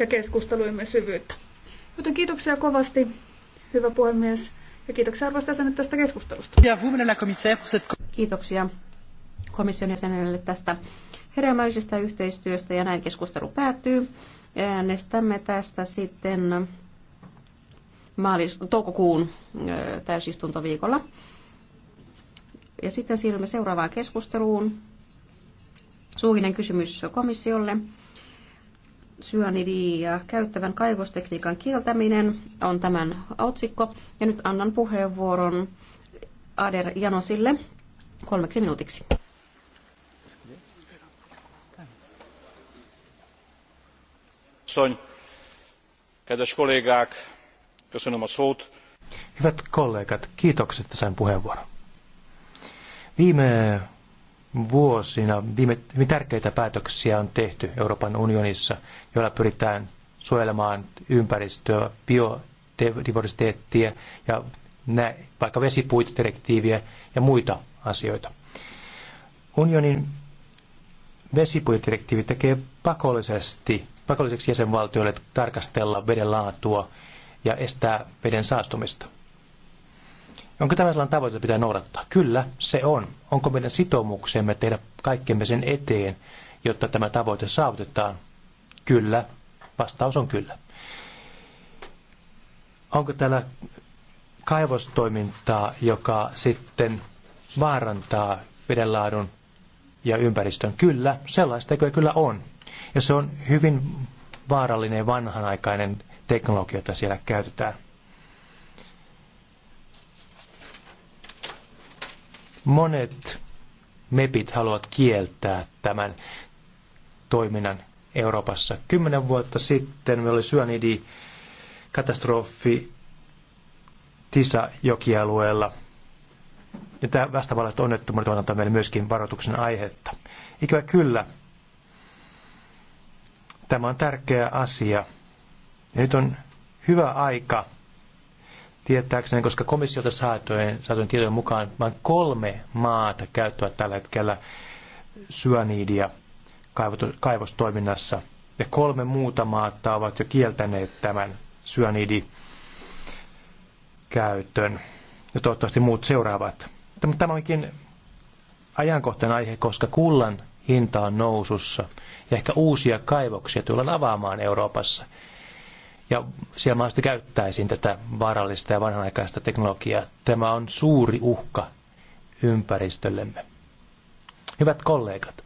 ja keskustelujemme syvyyttä. Joten kiitoksia kovasti, hyvä puhemies, ja kiitoksia arvoista jäsenet tästä keskustelusta. Kiitoksia komission jäsenelle tästä hedelmällisestä yhteistyöstä, ja näin keskustelu päättyy. Äänestämme tästä sitten maalis- toukokuun täysistuntoviikolla. Ja sitten siirrymme seuraavaan keskusteluun. Suullinen kysymys komissiolle ja käyttävän kaivostekniikan kieltäminen on tämän otsikko. Ja nyt annan puheenvuoron Ader Janosille kolmeksi minuutiksi. Hyvät kollegat, kiitokset, että sain puheenvuoron. Viime vuosina viime, tärkeitä päätöksiä on tehty Euroopan unionissa, joilla pyritään suojelemaan ympäristöä, biodiversiteettiä ja nä, vaikka vesipuitedirektiiviä ja muita asioita. Unionin vesipuitedirektiivi tekee pakollisesti, pakolliseksi jäsenvaltioille tarkastella veden laatua ja estää veden saastumista. Onko tämä sellainen tavoite, jota pitää noudattaa? Kyllä, se on. Onko meidän sitoumuksemme tehdä kaikkemme sen eteen, jotta tämä tavoite saavutetaan? Kyllä. Vastaus on kyllä. Onko täällä kaivostoimintaa, joka sitten vaarantaa vedenlaadun ja ympäristön? Kyllä, sellaista kyllä on. Ja se on hyvin vaarallinen ja vanhanaikainen teknologia, jota siellä käytetään. Monet MEPit haluavat kieltää tämän toiminnan Euroopassa. Kymmenen vuotta sitten meillä oli syönidi katastrofi Tisa-jokialueella. Ja tämä vastaavalla onnettomuudet on antaa meille myöskin varoituksen aihetta. Ikävä kyllä, tämä on tärkeä asia. Ja nyt on hyvä aika tietääkseni, koska komissiota saatojen, saatojen tietojen mukaan vain kolme maata käyttävät tällä hetkellä syöniidia kaivostoiminnassa. Ja kolme muuta maata ovat jo kieltäneet tämän syöniidi käytön. Ja toivottavasti muut seuraavat. Tämä onkin ajankohtainen aihe, koska kullan hinta on nousussa ja ehkä uusia kaivoksia tullaan avaamaan Euroopassa ja siellä mahdollisesti käyttäisiin tätä vaarallista ja vanhanaikaista teknologiaa. Tämä on suuri uhka ympäristöllemme. Hyvät kollegat,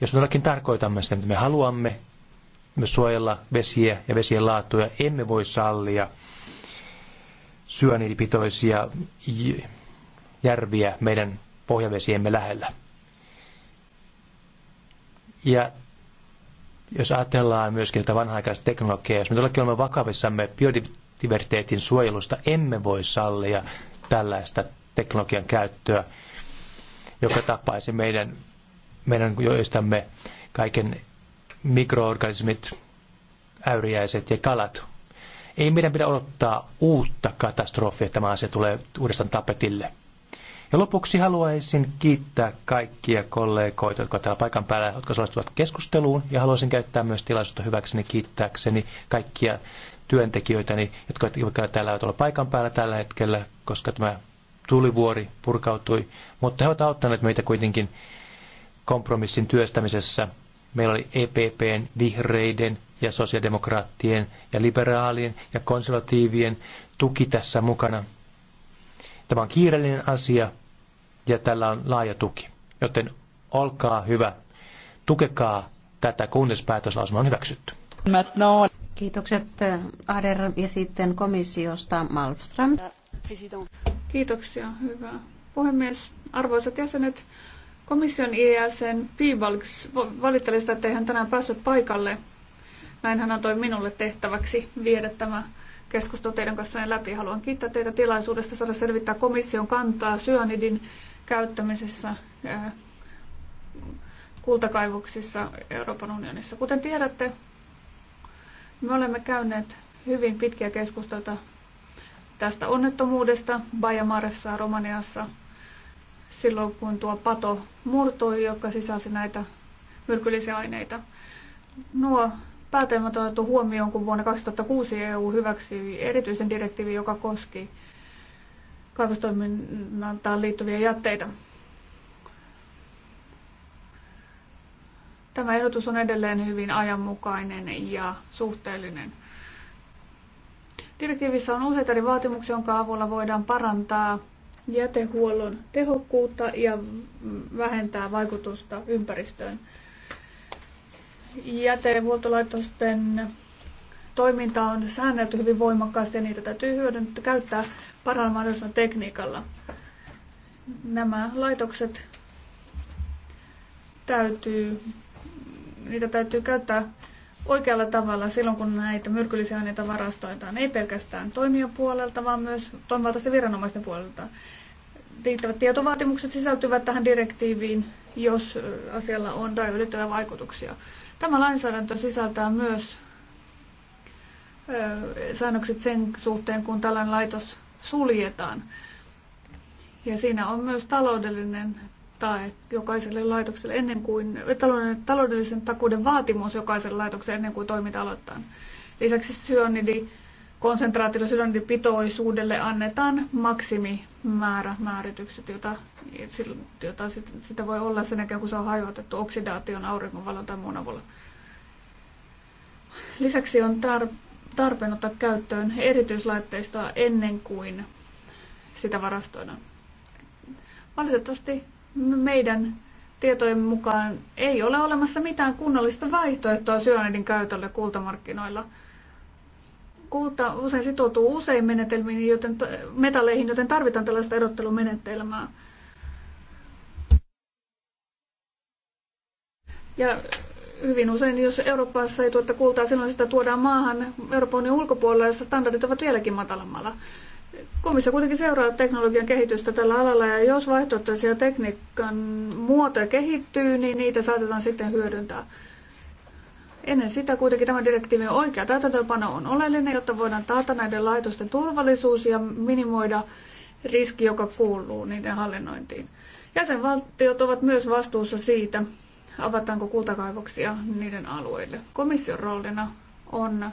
jos me todellakin tarkoitamme sitä, mitä me haluamme, me suojella vesiä ja vesien laatuja, emme voi sallia syönilipitoisia järviä meidän pohjavesiemme lähellä. Ja jos ajatellaan myöskin tätä vanha-aikaista teknologiaa, jos me todellakin olemme vakavissamme biodiversiteetin suojelusta, emme voi sallia tällaista teknologian käyttöä, joka tapaisi meidän, meidän joistamme kaiken mikroorganismit, äyriäiset ja kalat. Ei meidän pidä odottaa uutta katastrofia, että tämä asia tulee uudestaan tapetille. Ja lopuksi haluaisin kiittää kaikkia kollegoita, jotka täällä paikan päällä, jotka osallistuvat keskusteluun. Ja haluaisin käyttää myös tilaisuutta hyväkseni kiittääkseni kaikkia työntekijöitäni, jotka täällä ovat olla paikan päällä tällä hetkellä, koska tämä tulivuori purkautui. Mutta he ovat auttaneet meitä kuitenkin kompromissin työstämisessä. Meillä oli EPPn, vihreiden ja sosiaalidemokraattien ja liberaalien ja konservatiivien tuki tässä mukana. Tämä on kiireellinen asia, ja tällä on laaja tuki. Joten olkaa hyvä, tukekaa tätä, kunnes päätöslausuma on hyväksytty. Kiitokset Ader ja sitten komissiosta Malmström. Kiitoksia, hyvä puhemies. Arvoisat jäsenet, komission IESN Piivalks valitteli sitä, että hän tänään päässyt paikalle. Näin hän antoi minulle tehtäväksi viedä tämä keskustelu teidän kanssa läpi. Haluan kiittää teitä tilaisuudesta saada selvittää komission kantaa syönidin käyttämisessä kultakaivoksissa Euroopan unionissa. Kuten tiedätte, me olemme käyneet hyvin pitkiä keskusteluita tästä onnettomuudesta Bajamaressa Romaniassa silloin, kun tuo pato murtui, joka sisälsi näitä myrkyllisiä aineita. Nuo päätelmät on otettu huomioon, kun vuonna 2006 EU hyväksyi erityisen direktiivin, joka koski kaivostoiminnaltaan liittyviä jätteitä. Tämä ehdotus on edelleen hyvin ajanmukainen ja suhteellinen. Direktiivissä on useita eri vaatimuksia, jonka avulla voidaan parantaa jätehuollon tehokkuutta ja vähentää vaikutusta ympäristöön. Jätehuoltolaitosten toiminta on säännelty hyvin voimakkaasti ja niitä täytyy hyödyntää käyttää parhaalla mahdollisella tekniikalla. Nämä laitokset täytyy, niitä täytyy käyttää oikealla tavalla silloin, kun näitä myrkyllisiä aineita varastoitaan, ei pelkästään puolelta vaan myös toimivaltaisten viranomaisten puolelta. Riittävät tietovaatimukset sisältyvät tähän direktiiviin, jos asialla on rajoitettuja vaikutuksia. Tämä lainsäädäntö sisältää myös säännökset sen suhteen, kun tällainen laitos suljetaan. Ja siinä on myös taloudellinen tae jokaiselle laitokselle ennen kuin, taloudellisen takuuden vaatimus jokaiselle laitokselle ennen kuin toiminta aloittaa. Lisäksi syanidi konsentraatiolle sydänpitoisuudelle annetaan maksimimäärä määritykset, jota, jota sitä voi olla sen jälkeen, kun se on hajotettu oksidaation, auringonvalon tai muun avulla. Lisäksi on tar- tarpeen ottaa käyttöön erityislaitteistoa ennen kuin sitä varastoidaan. Valitettavasti meidän tietojen mukaan ei ole olemassa mitään kunnollista vaihtoehtoa syöneiden käytölle kultamarkkinoilla. Kulta usein sitoutuu usein menetelmiin, joten, metalleihin, joten tarvitaan tällaista erottelumenetelmää. Ja hyvin usein, jos Euroopassa ei tuota kultaa, silloin sitä tuodaan maahan Euroopan unionin ulkopuolella, jossa standardit ovat vieläkin matalammalla. Komissio kuitenkin seuraa teknologian kehitystä tällä alalla ja jos vaihtoehtoisia tekniikan muotoja kehittyy, niin niitä saatetaan sitten hyödyntää. Ennen sitä kuitenkin tämä direktiivin oikea täytäntöönpano on oleellinen, jotta voidaan taata näiden laitosten turvallisuus ja minimoida riski, joka kuuluu niiden hallinnointiin. Jäsenvaltiot ovat myös vastuussa siitä, avataanko kultakaivoksia niiden alueille. Komission roolina on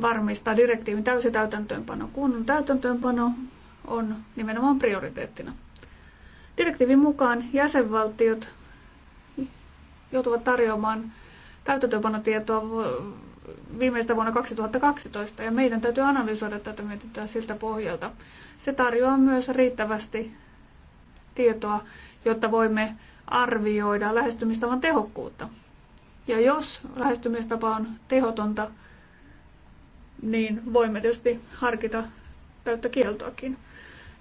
varmistaa direktiivin täysi täytäntöönpano, kun täytäntöönpano on nimenomaan prioriteettina. Direktiivin mukaan jäsenvaltiot joutuvat tarjoamaan täytäntöönpanotietoa viimeistä vuonna 2012 ja meidän täytyy analysoida tätä mietintää siltä pohjalta. Se tarjoaa myös riittävästi tietoa, jotta voimme arvioida lähestymistavan tehokkuutta. Ja jos lähestymistapa on tehotonta, niin voimme tietysti harkita täyttä kieltoakin.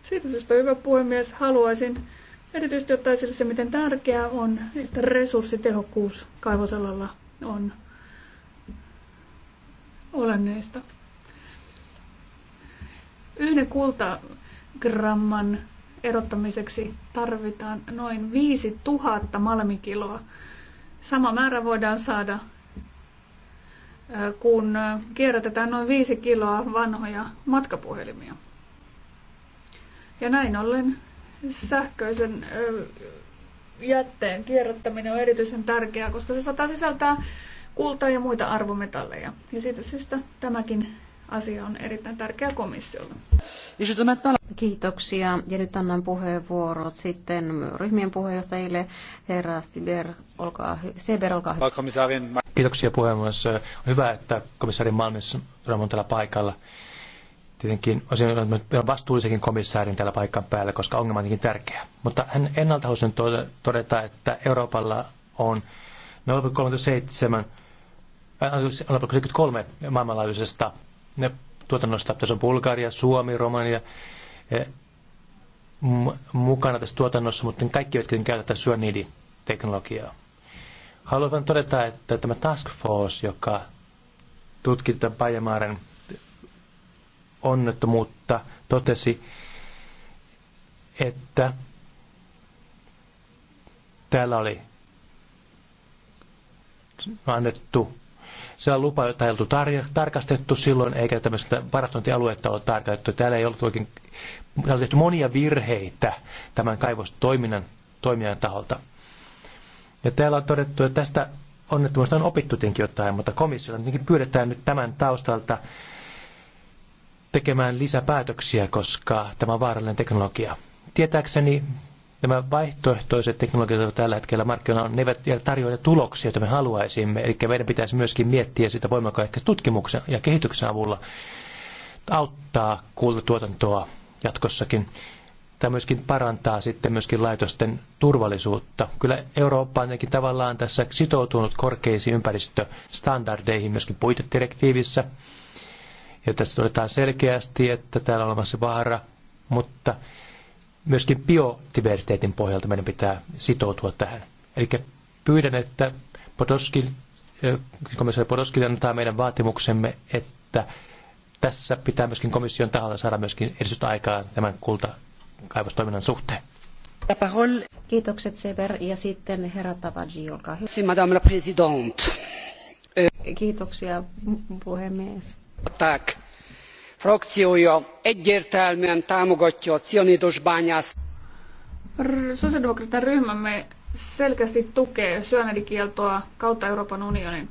Siitä syystä, hyvä puhemies, haluaisin erityisesti ottaa esille se, miten tärkeää on, että resurssitehokkuus kaivosalalla on olenneista. Yhden kultagramman erottamiseksi tarvitaan noin 5000 malmikiloa. Sama määrä voidaan saada, kun kierrätetään noin 5 kiloa vanhoja matkapuhelimia. Ja näin ollen sähköisen jätteen kierrättäminen on erityisen tärkeää, koska se saattaa sisältää kultaa ja muita arvometalleja. Ja siitä syystä tämäkin asia on erittäin tärkeä komissiolle. Kiitoksia. Ja nyt annan puheenvuorot sitten ryhmien puheenjohtajille. Herra Siber, olkaa, hy- Seber, olkaa hyvä. Kiitoksia puheenvuorossa. On hyvä, että komissaari Malmis on tällä paikalla. Tietenkin on vastuullisenkin komissaarin tällä paikan päällä, koska ongelma on tärkeä. Mutta hän ennalta halusin todeta, että Euroopalla on 0,37 0,73 äh, maailmanlaajuisesta ne tuotannosta. Tässä on Bulgaria, Suomi, Romania e, mukana tässä tuotannossa, mutta kaikki eivät käytä tätä teknologiaa. Haluan vain todeta, että tämä task force, joka tutki tätä Bajamaaren onnettomuutta, totesi, että täällä oli annettu se on oltu tar- tarkastettu silloin, eikä tämmöistä varastointialuetta ole tarkastettu. Täällä ei ollut oikein, täällä on tehty monia virheitä tämän kaivostoiminnan toimijan taholta. Ja täällä on todettu, että tästä onnettomuudesta on opittu tietenkin jotain, mutta komissiolla pyydetään nyt tämän taustalta tekemään lisäpäätöksiä, koska tämä on vaarallinen teknologia. Tietääkseni nämä vaihtoehtoiset teknologiat, joita tällä hetkellä markkinoilla on, ne eivät tarjoa tuloksia, joita me haluaisimme. Eli meidän pitäisi myöskin miettiä sitä voimakkaasti tutkimuksen ja kehityksen avulla auttaa kultatuotantoa jatkossakin. Tämä myöskin parantaa sitten myöskin laitosten turvallisuutta. Kyllä Eurooppa on tavallaan tässä sitoutunut korkeisiin ympäristöstandardeihin myöskin puitedirektiivissä. Ja tässä todetaan selkeästi, että täällä on olemassa vaara, mutta myöskin biodiversiteetin pohjalta meidän pitää sitoutua tähän. Eli pyydän, että Podoski, komissaari Podoski antaa meidän vaatimuksemme, että tässä pitää myöskin komission taholla saada myöskin edistystä aikaa tämän kultakaivostoiminnan suhteen. Kiitokset Sever ja sitten herra Tavadji, olkaa hyvä. Madame la Présidente. Kiitoksia puhemies. Tack frakciója egyértelműen támogatja a cianidos bányászat. Sosiaalidemokraattien ryhmämme selkeästi tukee syönelikieltoa kautta Euroopan unionin.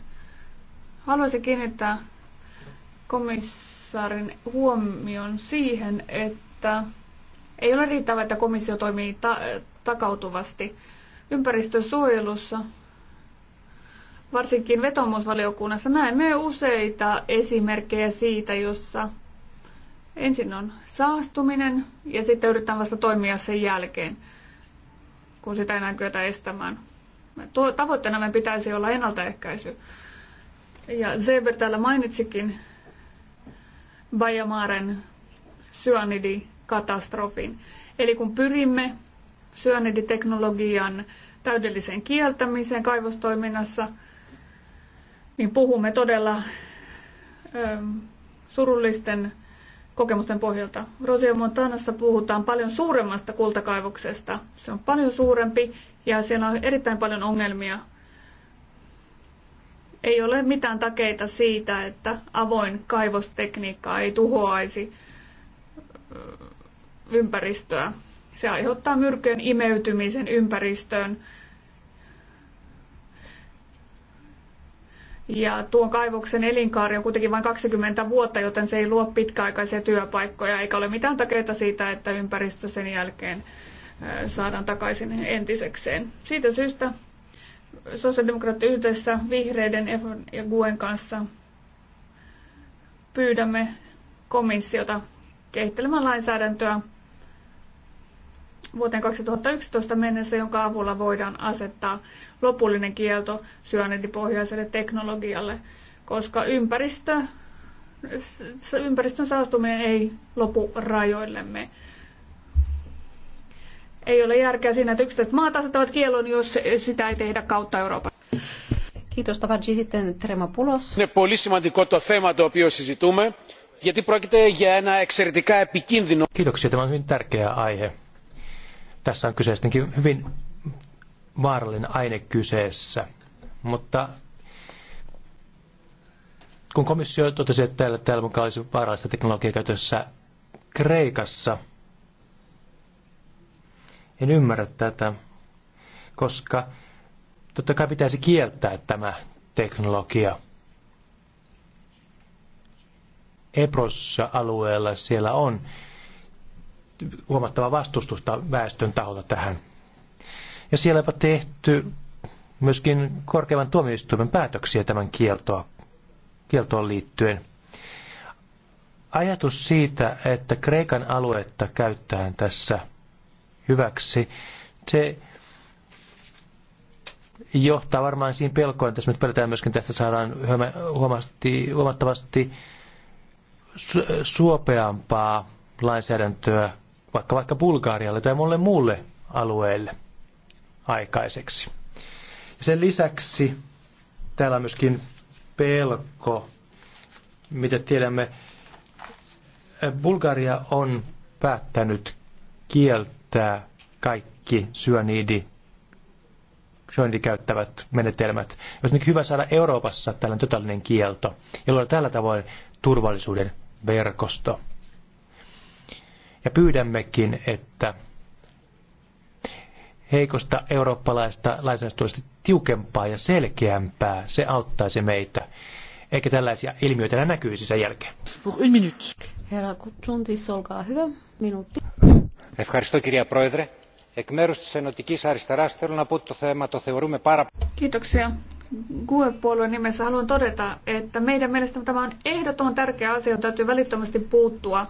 Haluaisin kiinnittää komissaarin huomion siihen, että ei ole riittävää, että komissio toimii ta- takautuvasti ympäristösuojelussa. Varsinkin vetomusvaliokunnassa näemme useita esimerkkejä siitä, jossa Ensin on saastuminen ja sitten yritetään vasta toimia sen jälkeen, kun sitä enää kyetä estämään. Tuo, tavoitteena meidän pitäisi olla ennaltaehkäisy. Ja Zeber täällä mainitsikin Bajamaaren syönidikatastrofin. Eli kun pyrimme syöniditeknologian täydelliseen kieltämiseen kaivostoiminnassa, niin puhumme todella ö, surullisten kokemusten pohjalta. Rosio Montanassa puhutaan paljon suuremmasta kultakaivoksesta. Se on paljon suurempi ja siellä on erittäin paljon ongelmia. Ei ole mitään takeita siitä, että avoin kaivostekniikka ei tuhoaisi ympäristöä. Se aiheuttaa myrkyjen imeytymisen ympäristöön Ja tuon kaivoksen elinkaari on kuitenkin vain 20 vuotta, joten se ei luo pitkäaikaisia työpaikkoja eikä ole mitään takeita siitä, että ympäristö sen jälkeen saadaan takaisin entisekseen. Siitä syystä sosiaalidemokraatit yhdessä vihreiden ja Guen kanssa pyydämme komissiota kehittelemään lainsäädäntöä, vuoteen 2011 mennessä, jonka avulla voidaan asettaa lopullinen kielto syanidipohjaiselle teknologialle, koska ympäristö, ympäristön saastuminen ei lopu rajoillemme. Ei ole järkeä siinä, että yksittäiset maat asettavat kielon, jos sitä ei tehdä kautta Euroopan. Kiitos Tavadji. Sitten Τρεμαπούλος. Είναι πολύ σημαντικό το θέμα το οποίο συζητούμε, γιατί πρόκειται Kiitoksia. Tämä on hyvin tärkeä aihe. Tässä on kyseessä hyvin vaarallinen aine kyseessä, mutta kun komissio totesi, että täällä, täällä mukaan olisi vaarallista teknologiaa käytössä Kreikassa, en ymmärrä tätä, koska totta kai pitäisi kieltää tämä teknologia. Eprossa alueella siellä on huomattava vastustusta väestön taholta tähän. Ja siellä on tehty myöskin korkeimman tuomioistuimen päätöksiä tämän kieltoa, kieltoon liittyen. Ajatus siitä, että Kreikan aluetta käyttäen tässä hyväksi, se johtaa varmaan siihen pelkoon, että jos me pelätään myöskin, tästä saadaan huomattavasti suopeampaa lainsäädäntöä vaikka vaikka Bulgaarialle tai molle muulle alueelle aikaiseksi. Ja sen lisäksi täällä on myöskin pelko, mitä tiedämme. Bulgaria on päättänyt kieltää kaikki syöniidi syöniidi käyttävät menetelmät. Jos nyt hyvä saada Euroopassa tällainen totaalinen kielto jolloin tällä tavoin turvallisuuden verkosto. Ja pyydämmekin, että heikosta eurooppalaista lainsäädäntöstä tiukempaa ja selkeämpää, se auttaisi meitä. Eikä tällaisia ilmiöitä enää näkyisi sen jälkeen. Herra Kutsuntis, olkaa hyvä. Minuutti. Ευχαριστώ κυρία Πρόεδρε. Εκ μέρους της Ενωτικής Αριστεράς θέλω να πω το θέμα το θεωρούμε πάρα... Kiitoksia. gue nimessä haluan todeta, että meidän mielestämme tämä on ehdottoman tärkeä asia, on täytyy välittömästi puuttua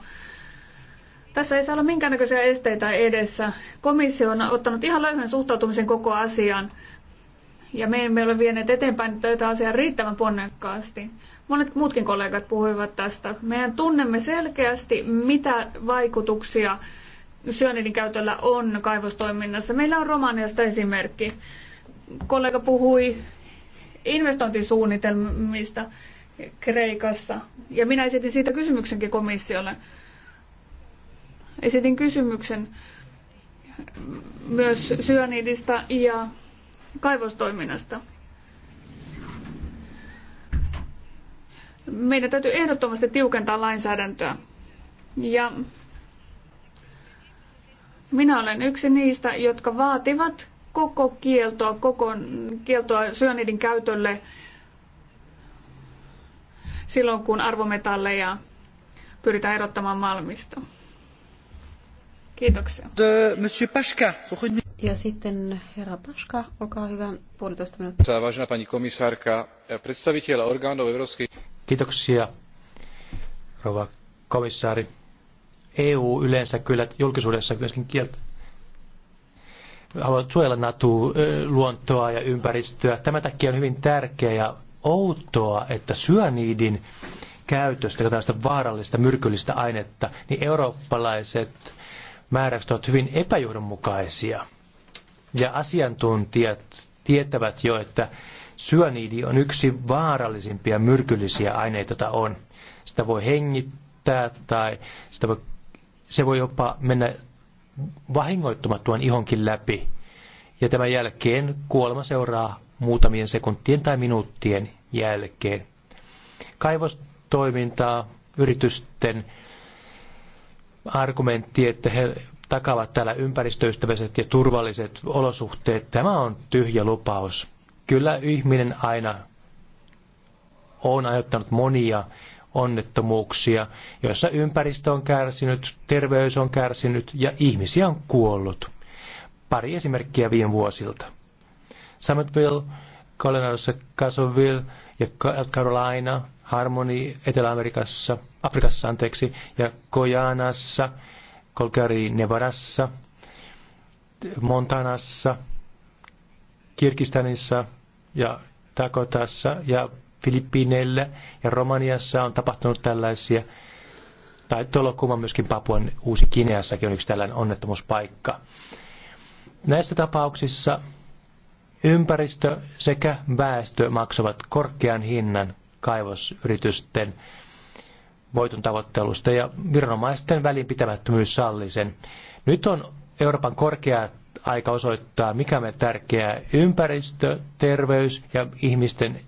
tässä ei saa olla minkäännäköisiä esteitä edessä. Komissio on ottanut ihan löyhän suhtautumisen koko asiaan ja me emme ole vieneet eteenpäin tätä asiaa riittävän ponnekkaasti. Monet muutkin kollegat puhuivat tästä. Meidän tunnemme selkeästi, mitä vaikutuksia syönninin käytöllä on kaivostoiminnassa. Meillä on Romaniasta esimerkki. Kollega puhui investointisuunnitelmista Kreikassa. Ja minä esitin siitä kysymyksenkin komissiolle. Esitin kysymyksen myös syönidistä ja kaivostoiminnasta. Meidän täytyy ehdottomasti tiukentaa lainsäädäntöä. Ja minä olen yksi niistä, jotka vaativat koko kieltoa, koko kieltoa syönidin käytölle silloin, kun arvometalleja pyritään erottamaan malmista. Kiitoksia. Ja sitten herra Paška, olkaa hyvä, puolitoista minuuttia. Vážená pani komisárka, predstaviteľ orgánov Európskej... Kiitoksia, rouva komissaari. EU yleensä kyllä julkisuudessa myöskin kieltä haluavat suojella natu, luontoa ja ympäristöä. Tämän takia on hyvin tärkeää ja outoa, että syöniidin käytöstä, tällaista vaarallista myrkyllistä ainetta, niin eurooppalaiset määräykset ovat hyvin epäjohdonmukaisia. Ja asiantuntijat tietävät jo, että syöniidi on yksi vaarallisimpia myrkyllisiä aineita, joita on. Sitä voi hengittää tai sitä voi, se voi jopa mennä vahingoittumattuaan ihonkin läpi. Ja tämän jälkeen kuolema seuraa muutamien sekuntien tai minuuttien jälkeen. Kaivostoimintaa, yritysten argumentti, että he takavat täällä ympäristöystävälliset ja turvalliset olosuhteet. Tämä on tyhjä lupaus. Kyllä ihminen aina on aiheuttanut monia onnettomuuksia, joissa ympäristö on kärsinyt, terveys on kärsinyt ja ihmisiä on kuollut. Pari esimerkkiä viime vuosilta. Summitville, Colorado, Casoville ja Carolina, Harmony Etelä-Amerikassa – Afrikassa anteeksi, ja Kojanassa, Kolkari Nevadassa, Montanassa, Kirkistanissa ja Takotassa ja Filippiineillä ja Romaniassa on tapahtunut tällaisia. Tai tuolla myöskin Papuan uusi Kineassakin on yksi tällainen onnettomuuspaikka. Näissä tapauksissa ympäristö sekä väestö maksavat korkean hinnan kaivosyritysten voiton tavoittelusta ja viranomaisten välinpitämättömyys salli sen. Nyt on Euroopan korkea aika osoittaa, mikä me tärkeää, ympäristö, terveys ja ihmisten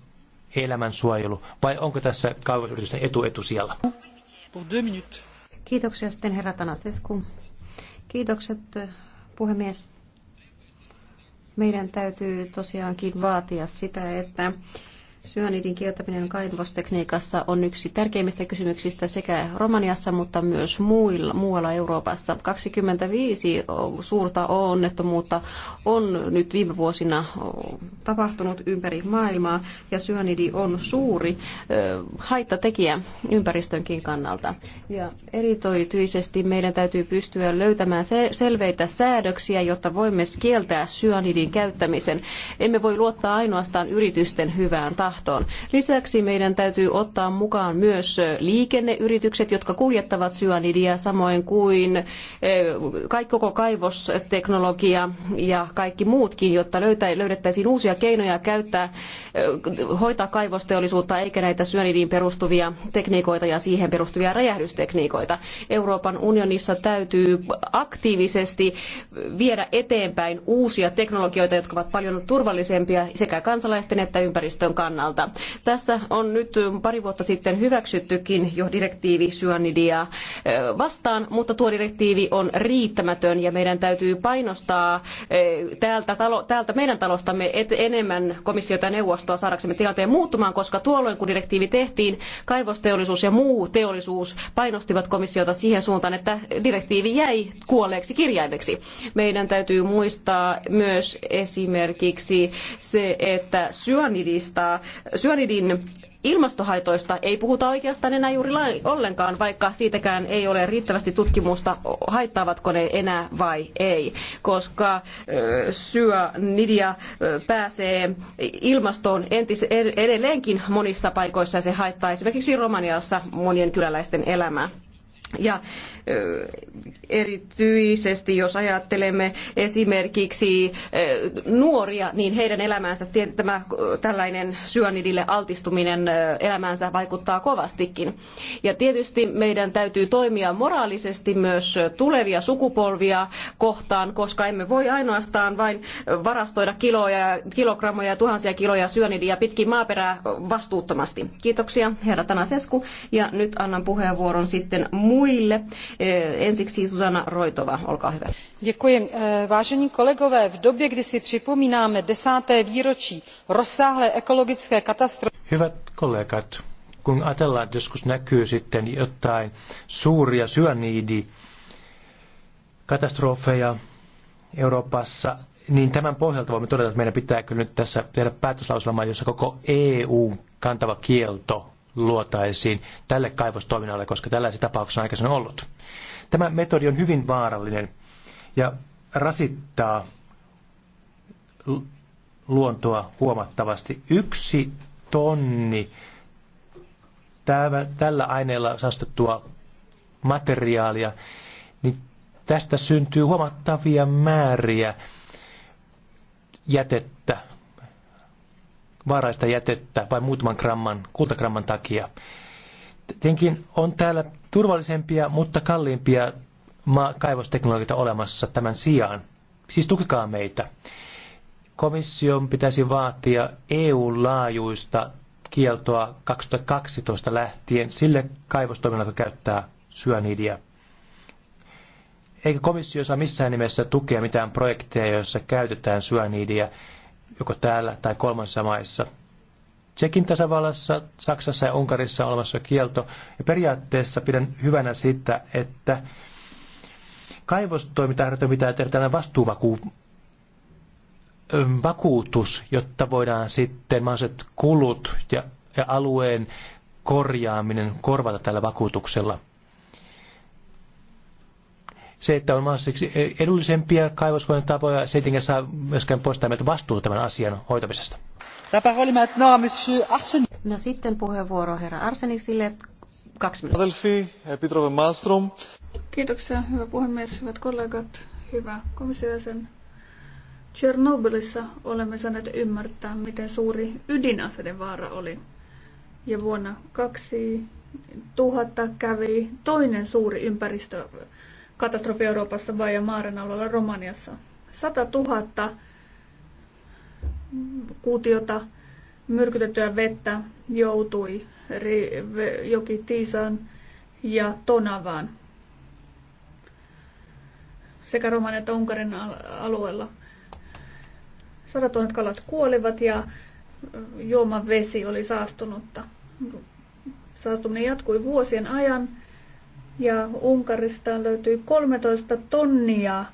elämänsuojelu, vai onko tässä kaivosyritysten etu etusijalla? Kiitoksia sitten herra Tanasescu. Kiitokset puhemies. Meidän täytyy tosiaankin vaatia sitä, että Syönidin kieltäminen kaivostekniikassa on yksi tärkeimmistä kysymyksistä sekä Romaniassa, mutta myös muilla, muualla Euroopassa. 25 suurta onnettomuutta on nyt viime vuosina tapahtunut ympäri maailmaa ja syönidi on suuri haittatekijä ympäristönkin kannalta. Ja erityisesti meidän täytyy pystyä löytämään selveitä säädöksiä, jotta voimme kieltää syönidin käyttämisen. Emme voi luottaa ainoastaan yritysten hyvään tahtoon tahtoon. Lisäksi meidän täytyy ottaa mukaan myös liikenneyritykset, jotka kuljettavat syanidia, samoin kuin kaikki koko kaivosteknologia ja kaikki muutkin, jotta löydettäisiin uusia keinoja käyttää, hoitaa kaivosteollisuutta eikä näitä syanidiin perustuvia tekniikoita ja siihen perustuvia räjähdystekniikoita. Euroopan unionissa täytyy aktiivisesti viedä eteenpäin uusia teknologioita, jotka ovat paljon turvallisempia sekä kansalaisten että ympäristön kannalta kannalta. Tässä on nyt pari vuotta sitten hyväksyttykin jo direktiivi syanidia vastaan, mutta tuo direktiivi on riittämätön ja meidän täytyy painostaa täältä, talo, täältä meidän talostamme et, enemmän komissiota ja neuvostoa saadaksemme tilanteen muuttumaan, koska tuolloin kun direktiivi tehtiin, kaivosteollisuus ja muu teollisuus painostivat komissiota siihen suuntaan, että direktiivi jäi kuolleeksi kirjaimeksi. Meidän täytyy muistaa myös esimerkiksi se, että syönidista syönidin ilmastohaitoista ei puhuta oikeastaan enää juuri ollenkaan, vaikka siitäkään ei ole riittävästi tutkimusta, haittaavatko ne enää vai ei, koska syönidia pääsee ilmastoon entis, edelleenkin monissa paikoissa ja se haittaa esimerkiksi Romaniassa monien kyläläisten elämää. Ja erityisesti jos ajattelemme esimerkiksi nuoria, niin heidän elämäänsä tämä tällainen syönidille altistuminen elämäänsä vaikuttaa kovastikin. Ja tietysti meidän täytyy toimia moraalisesti myös tulevia sukupolvia kohtaan, koska emme voi ainoastaan vain varastoida kiloja, kilogrammoja ja tuhansia kiloja syönidiä pitkin maaperää vastuuttomasti. Kiitoksia herra Tanasesku ja nyt annan puheenvuoron sitten mu- muille. Eh, ensiksi Susanna Roitova, olkaa hyvä. Děkuji. Eh, vážení kolegové, v době, kdy si připomínáme desáté výročí rozsáhlé ekologické katastrofy... Hyvät kollegat, kun ajatellaan, että joskus näkyy sitten jotain suuria syöniidi katastrofeja Euroopassa, niin tämän pohjalta voimme todeta, että meidän pitää kyllä nyt tässä tehdä päätöslauselma, jossa koko EU kantava kielto luotaisiin tälle kaivostoiminnalle, koska tällaisia tapauksia on aikaisemmin ollut. Tämä metodi on hyvin vaarallinen ja rasittaa luontoa huomattavasti. Yksi tonni tällä aineella saastettua materiaalia, niin tästä syntyy huomattavia määriä jätettä vaaraista jätettä vain muutaman gramman, kultagramman takia. Tietenkin on täällä turvallisempia, mutta kalliimpia kaivosteknologioita olemassa tämän sijaan. Siis tukikaa meitä. Komission pitäisi vaatia EU-laajuista kieltoa 2012 lähtien sille kaivostoiminnalle, joka käyttää syönidia. Eikä komissio saa missään nimessä tukea mitään projekteja, joissa käytetään syöniidiä joko täällä tai kolmansissa maissa. Tsekin tasavallassa, Saksassa ja Unkarissa on olemassa kielto. Ja periaatteessa pidän hyvänä sitä, että kaivostoimintaa pitää tehdä tällainen vastuuvakuutus jotta voidaan sitten mahdolliset kulut ja, ja alueen korjaaminen korvata tällä vakuutuksella se, että on mahdollisesti edullisempia kaivoskoneen tapoja, se ei saa myöskään poistaa meiltä vastuuta tämän asian hoitamisesta. No sitten puheenvuoro herra Arsenisille. Kaksi minuuttia. Kiitoksia, hyvä puhemies, hyvät kollegat, hyvä komissiojäsen. Chernobylissa olemme saaneet ymmärtää, miten suuri ydinaseiden vaara oli. Ja vuonna 2000 kävi toinen suuri ympäristö katastrofi Euroopassa ja Maaren alueella Romaniassa. 100 000 kuutiota myrkytettyä vettä joutui joki Tiisaan ja Tonavaan sekä Romanian että Unkarin alueella. 000 kalat kuolivat ja juoman vesi oli saastunutta. Saastuminen jatkui vuosien ajan ja Unkarista löytyi 13 tonnia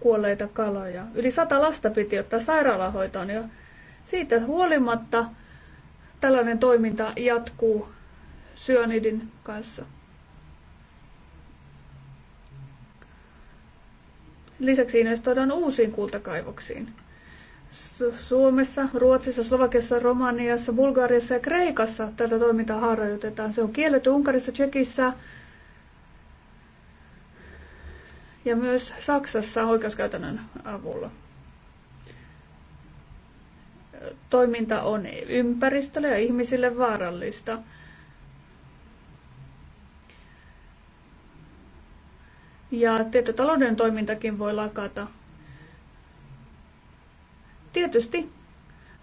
kuolleita kaloja. Yli sata lasta piti ottaa sairaalahoitoon ja siitä huolimatta tällainen toiminta jatkuu syönidin kanssa. Lisäksi investoidaan uusiin kultakaivoksiin. Suomessa, Ruotsissa, Slovakiassa, Romaniassa, Bulgariassa ja Kreikassa tätä toimintaa harjoitetaan. Se on kielletty Unkarissa, Tsekissä, ja myös Saksassa oikeuskäytännön avulla. Toiminta on ympäristölle ja ihmisille vaarallista. Ja tietotalouden toimintakin voi lakata. Tietysti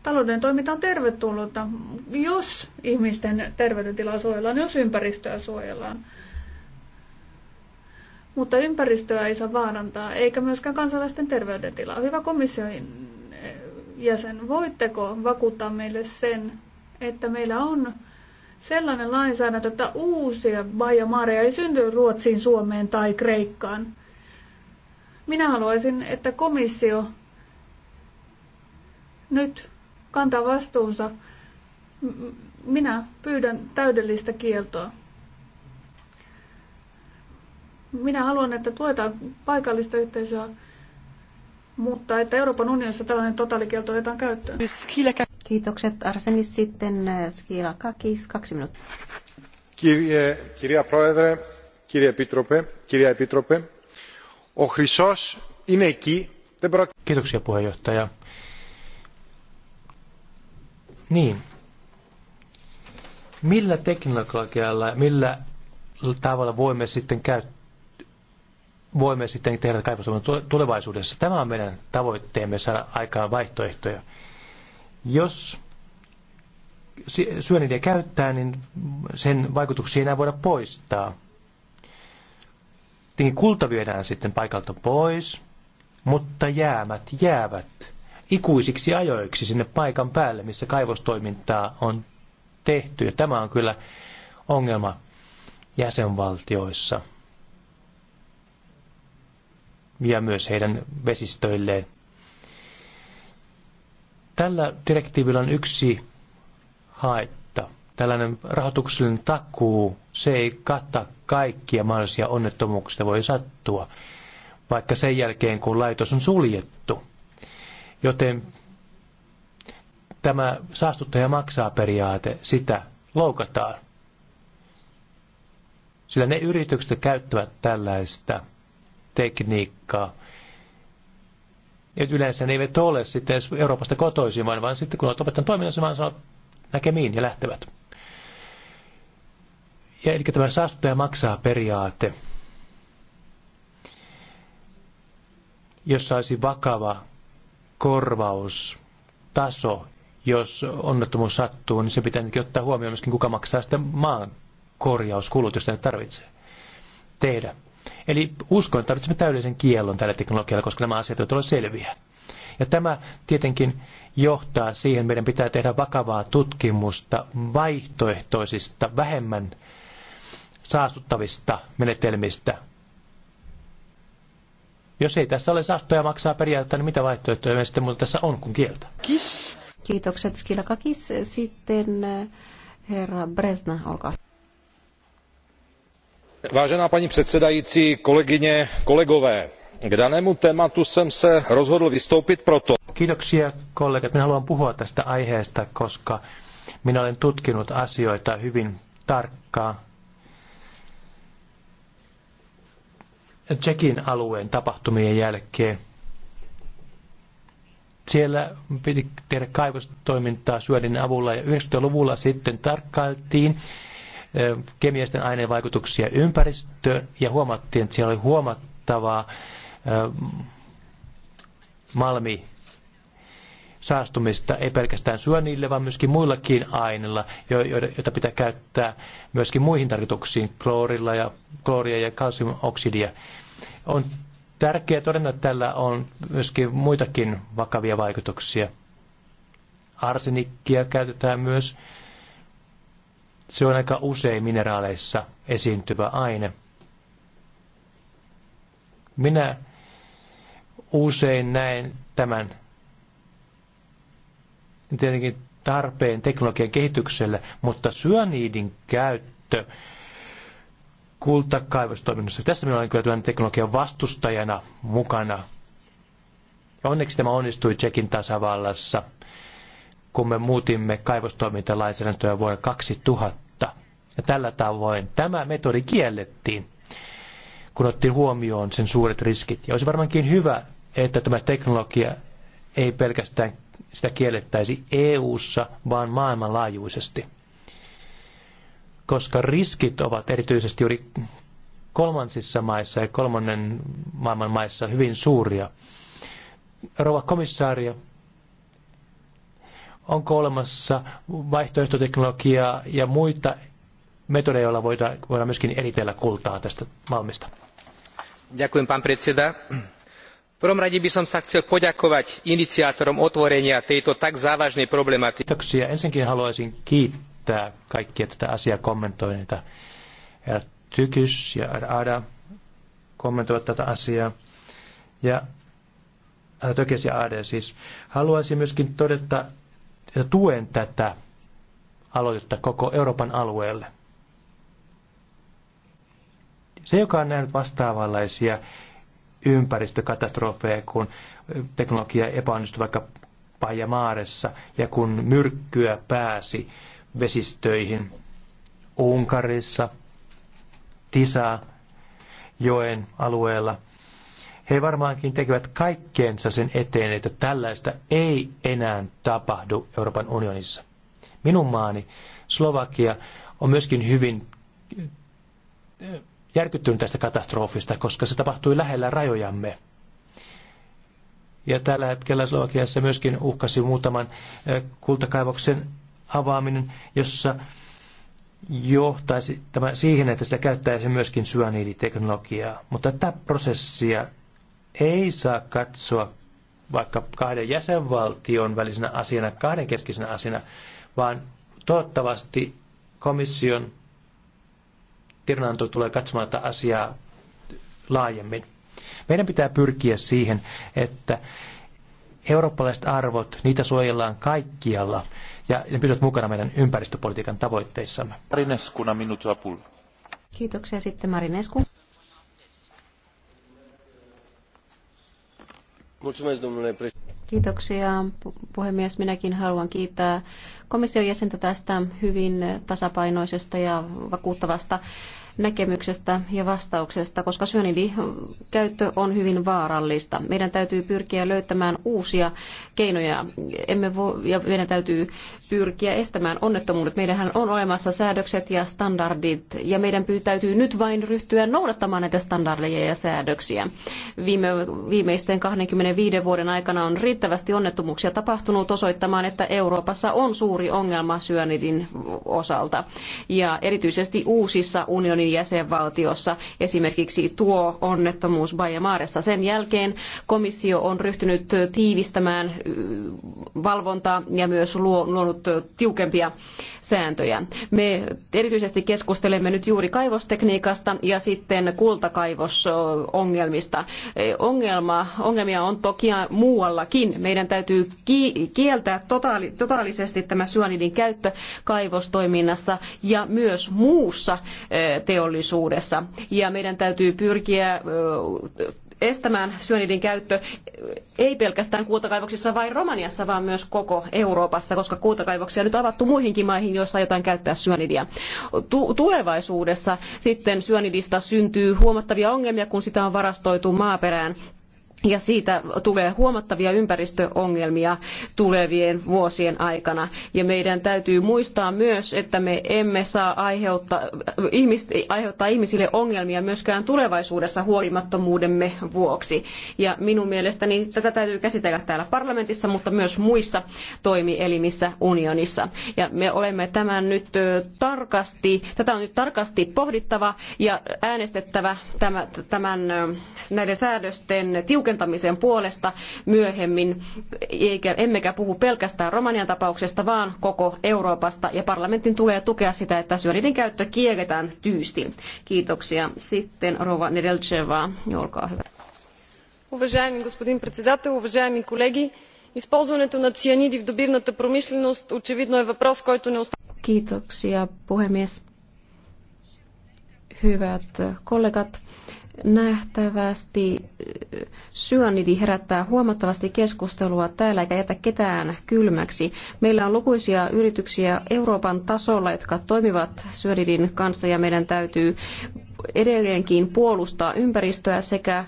talouden toiminta on tervetullutta, jos ihmisten terveydentilaa suojellaan, jos ympäristöä suojellaan mutta ympäristöä ei saa vaarantaa, eikä myöskään kansalaisten terveydentilaa. Hyvä komission eh, jäsen, voitteko vakuuttaa meille sen, että meillä on sellainen lainsäädäntö, että uusia bajamareja ei synny Ruotsiin, Suomeen tai Kreikkaan? Minä haluaisin, että komissio nyt kantaa vastuunsa. Minä pyydän täydellistä kieltoa. Minä haluan, että tuetaan paikallista yhteisöä, mutta että Euroopan unionissa tällainen totaalikielto otetaan käyttöön. Kiitokset Arsenis. Sitten äh, Skila Kakis, kaksi minuuttia. Kirje, kirja Proedre, kirja Epitrope, kirja Epitrope. O Chrysos είναι εκεί. Kiitoksia puheenjohtaja. Niin. Millä teknologialla, millä tavalla voimme sitten käyttää voimme sitten tehdä kaivostoimintaa tulevaisuudessa. Tämä on meidän tavoitteemme saada aikaan vaihtoehtoja. Jos syönidiä käyttää, niin sen vaikutuksia ei enää voida poistaa. Tietenkin kulta viedään sitten paikalta pois, mutta jäämät jäävät ikuisiksi ajoiksi sinne paikan päälle, missä kaivostoimintaa on tehty. Ja tämä on kyllä ongelma jäsenvaltioissa ja myös heidän vesistöilleen. Tällä direktiivillä on yksi haetta. Tällainen rahoituksellinen takuu, se ei kata kaikkia mahdollisia onnettomuuksia, voi sattua, vaikka sen jälkeen kun laitos on suljettu. Joten tämä saastuttaja maksaa periaate, sitä loukataan. Sillä ne yritykset käyttävät tällaista tekniikkaa. Et yleensä ne eivät ole sitten edes Euroopasta kotoisin, vaan, vaan sitten kun olet opettanut toiminnassa, vaan sanot näkemiin ja lähtevät. Ja eli tämä saastuttaja maksaa periaate, jossa olisi vakava korvaustaso, jos onnettomuus sattuu, niin se pitää ottaa huomioon myöskin, kuka maksaa sitten maan korjauskulut, jos tarvitsee tehdä. Eli uskon, että tarvitsemme täydellisen kiellon tällä teknologialla, koska nämä asiat ovat selviä. Ja tämä tietenkin johtaa siihen, että meidän pitää tehdä vakavaa tutkimusta vaihtoehtoisista, vähemmän saastuttavista menetelmistä. Jos ei tässä ole saastuja maksaa periaatteessa, niin mitä vaihtoehtoja me sitten muuta tässä on kuin kieltä? Kiss. Kiitokset Skilakakis. Sitten eh, herra Bresna, olkaa paní předsedající k danému tématu jsem se rozhodl vystoupit proto. kiitoksia kollegat minä haluan puhua tästä aiheesta koska minä olen tutkinut asioita hyvin tarkkaan. Tsekin alueen tapahtumien jälkeen. Siellä piti tehdä kaivostoimintaa syödin avulla ja 90-luvulla sitten tarkkailtiin kemiallisten aineen vaikutuksia ympäristöön ja huomattiin, että siellä oli huomattavaa malmi saastumista ei pelkästään syönille, vaan myöskin muillakin aineilla, joita pitää käyttää myöskin muihin tarkoituksiin, kloorilla ja, klooria ja kalsiumoksidia. On tärkeää todennäköisesti että tällä on myöskin muitakin vakavia vaikutuksia. Arsenikkia käytetään myös se on aika usein mineraaleissa esiintyvä aine. Minä usein näen tämän tietenkin tarpeen teknologian kehitykselle, mutta syöniidin käyttö kultakaivostoiminnassa. Tässä minulla on kyllä tämän teknologian vastustajana mukana. Ja onneksi tämä onnistui Tsekin tasavallassa – kun me muutimme kaivostoimintalainsäädäntöä vuonna 2000. Ja tällä tavoin tämä metodi kiellettiin, kun otti huomioon sen suuret riskit. Ja olisi varmaankin hyvä, että tämä teknologia ei pelkästään sitä kiellettäisi EU-ssa, vaan maailmanlaajuisesti. Koska riskit ovat erityisesti juuri kolmansissa maissa ja kolmannen maailman maissa hyvin suuria. Rouva komissaario, onko olemassa vaihtoehtoteknologiaa ja muita metodeja, joilla voidaan, voidaan myöskin eritellä kultaa tästä malmista? Ďakujem, pán predseda. V prvom rade by som sa chcel poďakovať iniciátorom otvorenia tejto tak závažnej problematiky. Kiitoksia. Ensinnäkin haluaisin kiittää kaikkia tätä asiaa kommentoineita. Ja Tykys ja Ada kommentoivat tätä asiaa. Ja Tökes ja Ade siis. Haluaisin myöskin todeta, että tuen tätä aloitetta koko Euroopan alueelle. Se, joka on nähnyt vastaavanlaisia ympäristökatastrofeja, kun teknologia epäonnistui vaikka Pajamaaressa ja kun myrkkyä pääsi vesistöihin Unkarissa, Tisa joen alueella – he varmaankin tekevät kaikkeensa sen eteen, että tällaista ei enää tapahdu Euroopan unionissa. Minun maani, Slovakia, on myöskin hyvin eh, järkyttynyt tästä katastrofista, koska se tapahtui lähellä rajojamme. Ja tällä hetkellä Slovakiassa myöskin uhkasi muutaman eh, kultakaivoksen avaaminen, jossa johtaisi tämä siihen, että sitä käyttäisi myöskin syaniiditeknologiaa. Mutta tätä prosessia ei saa katsoa vaikka kahden jäsenvaltion välisenä asiana, keskisenä asiana, vaan toivottavasti komission tiedonanto tulee katsomaan tätä asiaa laajemmin. Meidän pitää pyrkiä siihen, että eurooppalaiset arvot, niitä suojellaan kaikkialla ja ne pysyvät mukana meidän ympäristöpolitiikan tavoitteissamme. Marinescuna minutua pulla. Kiitoksia sitten Marinescu. Kiitoksia puhemies. Minäkin haluan kiittää komission jäsentä tästä hyvin tasapainoisesta ja vakuuttavasta näkemyksestä ja vastauksesta, koska käyttö on hyvin vaarallista. Meidän täytyy pyrkiä löytämään uusia keinoja Emme voi, ja meidän täytyy pyrkiä estämään onnettomuudet. Meillähän on olemassa säädökset ja standardit ja meidän täytyy nyt vain ryhtyä noudattamaan näitä standardeja ja säädöksiä. Viime, viimeisten 25 vuoden aikana on riittävästi onnettomuuksia tapahtunut osoittamaan, että Euroopassa on suuri ongelma syönidin osalta ja erityisesti uusissa unionin unionin jäsenvaltiossa, esimerkiksi tuo onnettomuus Bajamaaressa. Sen jälkeen komissio on ryhtynyt tiivistämään valvontaa ja myös luonut tiukempia sääntöjä. Me erityisesti keskustelemme nyt juuri kaivostekniikasta ja sitten kultakaivosongelmista. E, ongelma, ongelmia on toki muuallakin. Meidän täytyy kieltää totaali, totaalisesti tämä syanidin käyttö kaivostoiminnassa ja myös muussa e, teollisuudessa. Ja meidän täytyy pyrkiä e, estämään syönidin käyttö ei pelkästään kultakaivoksissa vain Romaniassa, vaan myös koko Euroopassa, koska kultakaivoksia nyt avattu muihinkin maihin, joissa aiotaan käyttää syönidiä. tulevaisuudessa sitten syönidistä syntyy huomattavia ongelmia, kun sitä on varastoitu maaperään ja siitä tulee huomattavia ympäristöongelmia tulevien vuosien aikana. Ja meidän täytyy muistaa myös, että me emme saa aiheuttaa, ihmis, aiheuttaa ihmisille ongelmia myöskään tulevaisuudessa huolimattomuudemme vuoksi. Ja minun mielestäni tätä täytyy käsitellä täällä parlamentissa, mutta myös muissa toimielimissä unionissa. Ja me olemme tämän nyt tarkasti, tätä on nyt tarkasti pohdittava ja äänestettävä tämän, tämän näiden säädösten tiukentamisesta tiukentamisen puolesta myöhemmin, eikä, emmekä puhu pelkästään Romanian tapauksesta, vaan koko Euroopasta, ja parlamentin tulee tukea sitä, että syöniden käyttö kielletään tyystin. Kiitoksia. Sitten Rova Nedelcheva, olkaa hyvä. Уважаеми господин председател, уважаеми колеги, използването на цианиди в добивната промишленост очевидно е въпрос, който не остава. Kiitoksia puhemies. Hyvät kollegat, Nähtävästi syönidi herättää huomattavasti keskustelua täällä eikä jätä ketään kylmäksi. Meillä on lukuisia yrityksiä Euroopan tasolla, jotka toimivat syönidin kanssa ja meidän täytyy edelleenkin puolustaa ympäristöä sekä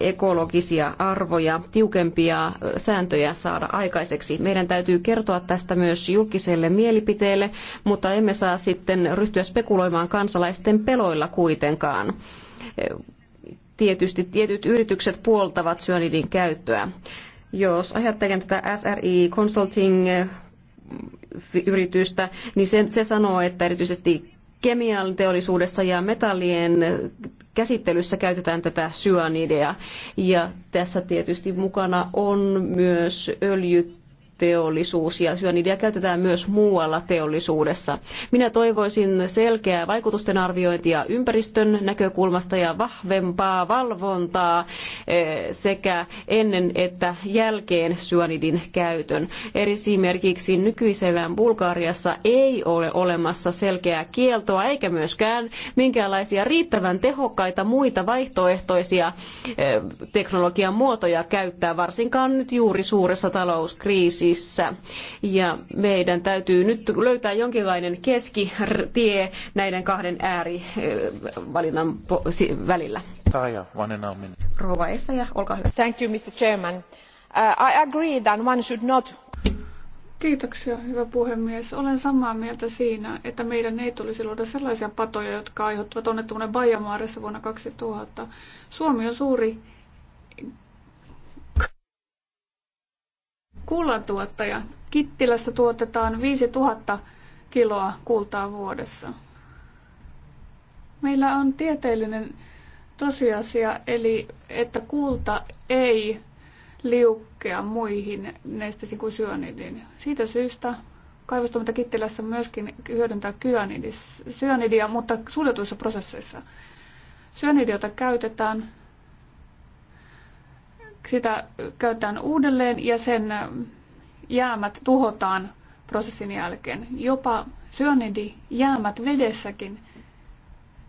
ekologisia arvoja, tiukempia sääntöjä saada aikaiseksi. Meidän täytyy kertoa tästä myös julkiselle mielipiteelle, mutta emme saa sitten ryhtyä spekuloimaan kansalaisten peloilla kuitenkaan tietysti tietyt yritykset puoltavat syönidin käyttöä. Jos ajattelen tätä SRI Consulting eh, yritystä, niin se, se sanoo, että erityisesti kemian teollisuudessa ja metallien eh, käsittelyssä käytetään tätä syanidia. Ja tässä tietysti mukana on myös öljy teollisuus ja syönidia käytetään myös muualla teollisuudessa. Minä toivoisin selkeää vaikutusten arviointia ympäristön näkökulmasta ja vahvempaa valvontaa eh, sekä ennen että jälkeen syönidin käytön. Esimerkiksi nykyisellään Bulgariassa ei ole olemassa selkeää kieltoa eikä myöskään minkäänlaisia riittävän tehokkaita muita vaihtoehtoisia eh, teknologian muotoja käyttää, varsinkaan nyt juuri suuressa talouskriisissä tekemisissä. Ja meidän täytyy nyt löytää jonkinlainen keskitie näiden kahden äärivalinnan eh, välillä. Taija, olkaa hyvä. Thank you, Mr. Chairman. Uh, I agree that one should not Kiitoksia, hyvä puhemies. Olen samaa mieltä siinä, että meidän ei tulisi luoda sellaisia patoja, jotka aiheuttavat onnettomuuden Bajamaaressa vuonna 2000. Suomi on suuri kullantuottaja. Kittilässä tuotetaan 5000 kiloa kultaa vuodessa. Meillä on tieteellinen tosiasia, eli että kulta ei liukkea muihin nesteisiin kuin syönidiin. Siitä syystä kaivostoiminta Kittilässä myöskin hyödyntää kyanidia, mutta suljetuissa prosesseissa. Syönidiota käytetään sitä käytetään uudelleen ja sen jäämät tuhotaan prosessin jälkeen. Jopa jäämät vedessäkin,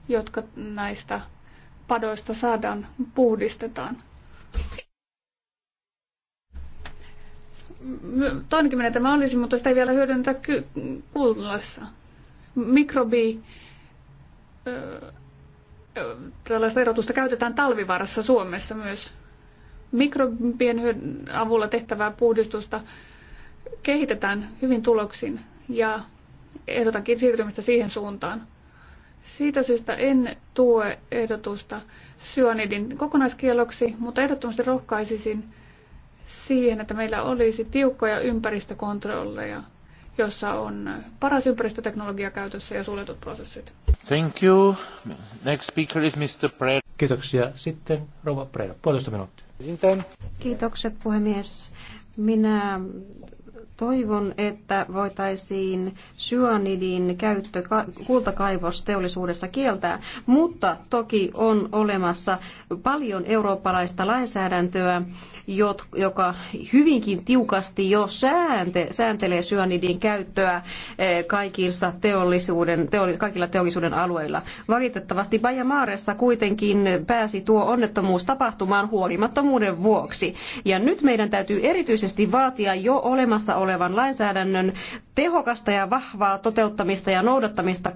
jotka näistä padoista saadaan, puhdistetaan. Toinenkin menetelmä olisi, mutta sitä ei vielä hyödynnetä ky- kuulossa. Mikrobi tällaista erotusta käytetään talvivarassa Suomessa myös mikrobien avulla tehtävää puhdistusta kehitetään hyvin tuloksin ja ehdotankin siirtymistä siihen suuntaan. Siitä syystä en tue ehdotusta syönidin kokonaiskieloksi, mutta ehdottomasti rohkaisisin siihen, että meillä olisi tiukkoja ympäristökontrolleja, jossa on paras ympäristöteknologia käytössä ja suljetut prosessit. Thank you. Next speaker is Mr. Pre- Kiitoksia. Sitten Rova Preda, puolitoista minuuttia. Kiitokset puhemies. Minä toivon, että voitaisiin syanidin käyttö kultakaivosteollisuudessa kieltää, mutta toki on olemassa paljon eurooppalaista lainsäädäntöä, joka hyvinkin tiukasti jo säänte, sääntelee syönidin käyttöä eh, kaikissa teollisuuden, teoli, kaikilla teollisuuden alueilla. Valitettavasti Bajamaaressa kuitenkin pääsi tuo onnettomuus tapahtumaan huolimattomuuden vuoksi. Ja nyt meidän täytyy erityisesti vaatia jo olemassa olevan lainsäädännön tehokasta ja vahvaa toteuttamista ja noudattamista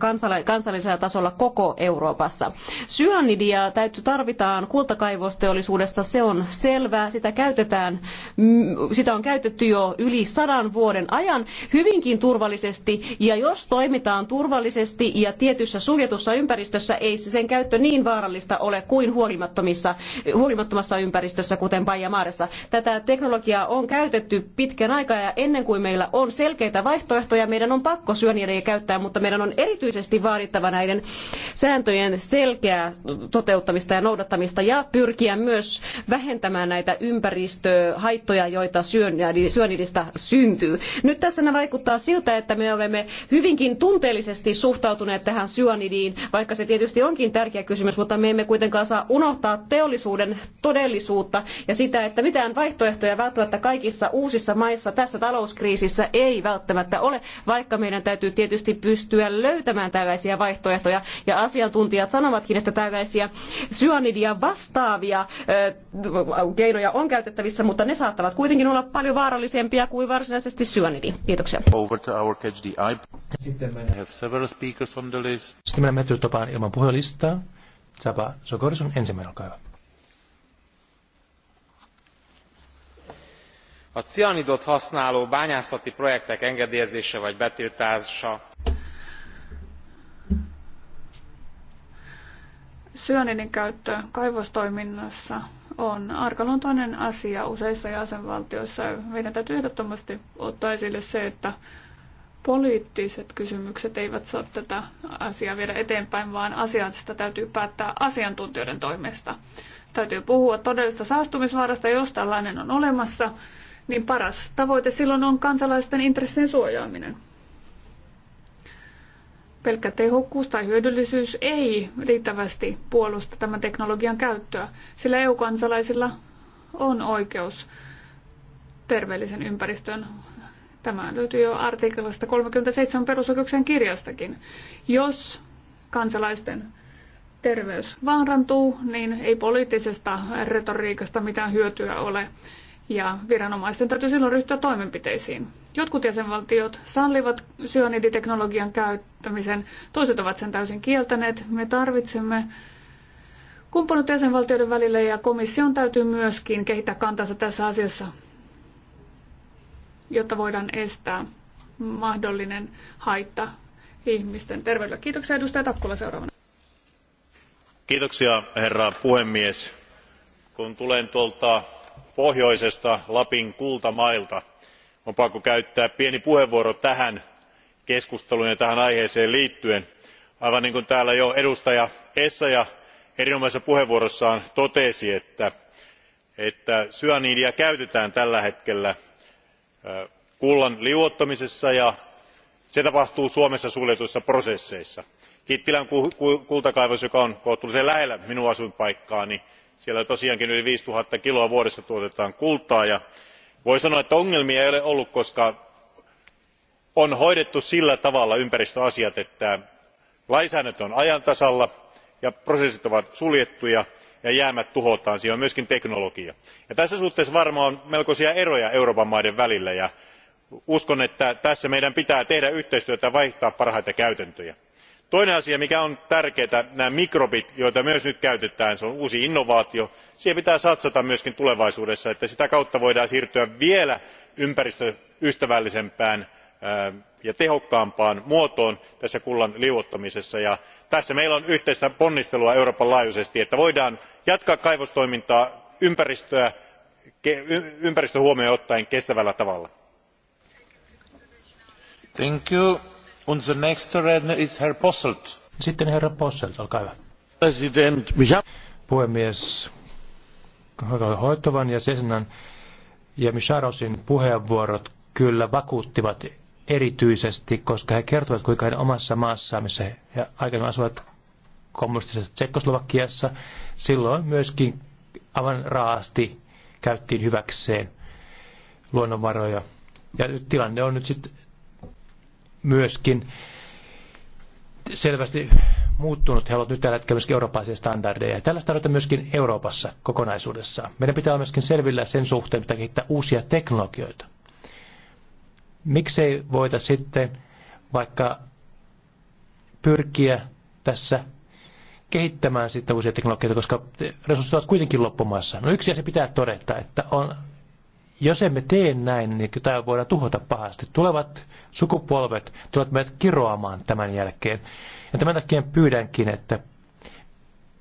kansallisella tasolla koko Euroopassa. Syönidia täytyy tarvitaan kultakaivosteollisuudessa, se on selvää. Sitä käytetään, mm, sitä on käytetty jo yli sadan vuoden ajan hyvinkin turvallisesti ja jos toimitaan turvallisesti ja tietyssä suljetussa ympäristössä ei sen käyttö niin vaarallista ole kuin huolimattomissa, huolimattomassa ympäristössä, kuten Bajamaaressa. Tätä teknologiaa on käytetty pitkän aikaa ja ennen kuin meillä on selkeitä vaihtoehtoja, meidän on pakko syöniä käyttää, mutta meidän on erityisesti vaadittava näiden sääntöjen selkeää toteuttamista ja noudattamista ja pyrkiä myös vähentämään näitä ympäristöä ympäristöhaittoja, joita syönnidistä syntyy. Nyt tässä vaikuttaa siltä, että me olemme hyvinkin tunteellisesti suhtautuneet tähän syönidiin, vaikka se tietysti onkin tärkeä kysymys, mutta me emme kuitenkaan saa unohtaa teollisuuden todellisuutta ja sitä, että mitään vaihtoehtoja välttämättä kaikissa uusissa maissa tässä talouskriisissä ei välttämättä ole, vaikka meidän täytyy tietysti pystyä löytämään tällaisia vaihtoehtoja. Ja asiantuntijat sanovatkin, että tällaisia syönidia vastaavia keinoja on käytetty käytettävissä, mutta ne saattavat kuitenkin olla paljon vaarallisempia kuin varsinaisesti syönidi. Kiitoksia. Over to our catch the eye. Sitten have several speakers on the list. Sitten ilman puhelistaa. Sapa Sokoris ensimmäinen, olkaa hyvä. A cianidot használó bányászati projektek engedélyezése vagy betiltása käyttö kaivostoiminnassa on arkaluontoinen asia useissa jäsenvaltioissa. Meidän täytyy ehdottomasti ottaa esille se, että poliittiset kysymykset eivät saa tätä asiaa viedä eteenpäin, vaan asiasta täytyy päättää asiantuntijoiden toimesta. Täytyy puhua todellista saastumisvaarasta, jos tällainen on olemassa, niin paras tavoite silloin on kansalaisten intressien suojaaminen. Pelkkä tehokkuus tai hyödyllisyys ei riittävästi puolusta tämän teknologian käyttöä, sillä EU-kansalaisilla on oikeus terveellisen ympäristön. Tämä löytyy jo artiklasta 37 perusoikeuksien kirjastakin. Jos kansalaisten terveys vaarantuu, niin ei poliittisesta retoriikasta mitään hyötyä ole. Ja viranomaisten täytyy silloin ryhtyä toimenpiteisiin. Jotkut jäsenvaltiot sallivat syöniditeknologian käyttämisen, toiset ovat sen täysin kieltäneet. Me tarvitsemme kumppanut jäsenvaltioiden välillä ja komission täytyy myöskin kehittää kantansa tässä asiassa, jotta voidaan estää mahdollinen haitta ihmisten terveydelle. Kiitoksia edustaja Takkula seuraavana. Kiitoksia herra puhemies. Kun tulen tuolta pohjoisesta Lapin kultamailta, on pakko käyttää pieni puheenvuoro tähän keskusteluun ja tähän aiheeseen liittyen. aivan niin kuin täällä jo edustaja essayah erinomaisessa puheenvuorossaan totesi syanidia käytetään tällä hetkellä kullan liuottamisessa ja se tapahtuu suomessa suljetuissa prosesseissa. kittilän kultakaivoksessa joka on kohtuullisen lähellä minun asuinpaikkaani siellä tosiaankin yli viisi nolla kiloa vuodessa tuotetaan kultaa ja voi sanoa että ongelmia ei ole ollut koska on hoidettu sillä tavalla ympäristöasiat että lainsäädäntö on ajan tasalla ja prosessit ovat suljettuja ja jäämät tuhotaan siinä on myös teknologia. tässä suhteessa varmaan on melkoisia eroja euroopan maiden välillä ja uskon että tässä meidän pitää tehdä yhteistyötä ja vaihtaa parhaita käytäntöjä toinen asia mikä on tärkeä on nämä mikrobit joita myös nyt käytetään. se on uusi innovaatio. siihen pitää satsata myös tulevaisuudessa että sitä kautta voidaan siirtyä vielä ympäristöystävällisempään ja tehokkaampaan muotoon tässä kullan liuottamisessa ja tässä meillä on yhteistä ponnistelua euroopan laajuisesti että voidaan jatkaa kaivostoimintaa ympäristö huomioon ottaen kestävällä tavalla. Sitten herra Posselt, olkaa hyvä. President. Puhemies, hoitovan ja Sesnan ja Misharosin puheenvuorot kyllä vakuuttivat erityisesti, koska he kertovat, kuinka heidän omassa maassaan, missä he aikaisemmin asuivat kommunistisessa Tsekkoslovakiassa, silloin myöskin aivan raasti käyttiin hyväkseen luonnonvaroja. Ja nyt tilanne on nyt sitten myöskin selvästi muuttunut. He ovat nyt tällä hetkellä myöskin eurooppalaisia standardeja. Tällaista tarvitaan myöskin Euroopassa kokonaisuudessaan. Meidän pitää olla myöskin selvillä sen suhteen, pitää kehittää uusia teknologioita. Miksei voita sitten vaikka pyrkiä tässä kehittämään sitten uusia teknologioita, koska resurssit ovat kuitenkin loppumassa. No yksi asia pitää todeta, että on jos emme tee näin, niin tämä voidaan tuhota pahasti. Tulevat sukupolvet tulevat meidät kiroamaan tämän jälkeen. Ja tämän takia pyydänkin, että